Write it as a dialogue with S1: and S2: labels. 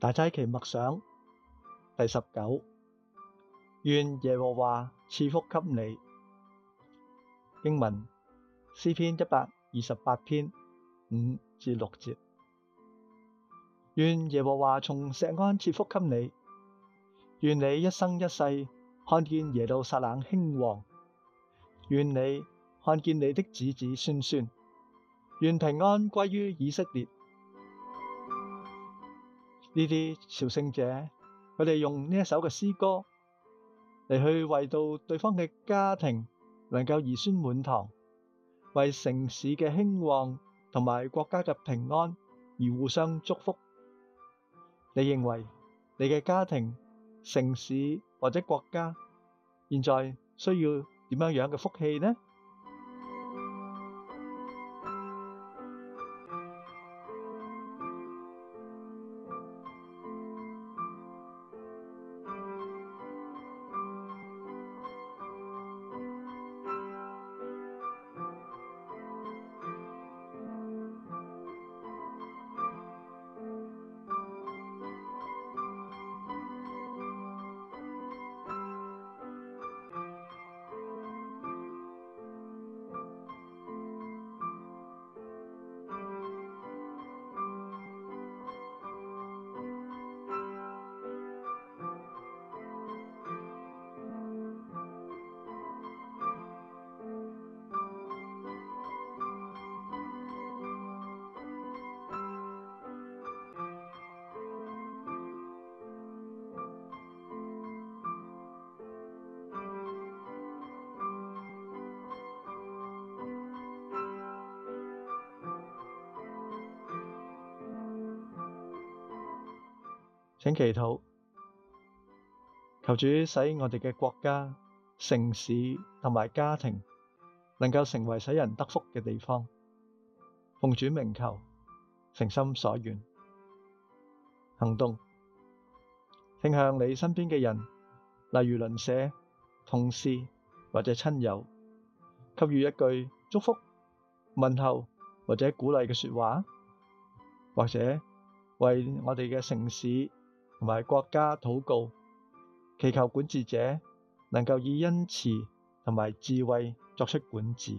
S1: 大齋期默想第十九，願耶和華賜福給你。經文，詩篇一百二十八篇五至六節，願耶和華從錫安賜福給你，願你一生一世看見耶路撒冷興旺，願你看見你的子子孫孫，願平安歸於以色列。呢啲朝聖者，佢哋用呢一首嘅詩歌嚟，去為到對方嘅家庭能夠兒孫滿堂，為城市嘅興旺同埋國家嘅平安而互相祝福。你認為你嘅家庭、城市或者國家現在需要點樣樣嘅福氣呢？請祈禱，求主使我哋嘅國家、城市同埋家庭能夠成為使人得福嘅地方。奉主名求，誠心所願。行動，請向你身邊嘅人，例如鄰舍、同事或者親友，給予一句祝福、問候或者鼓勵嘅說話，或者為我哋嘅城市同埋國家禱告，祈求管治者能夠以恩慈同埋智慧作出管治。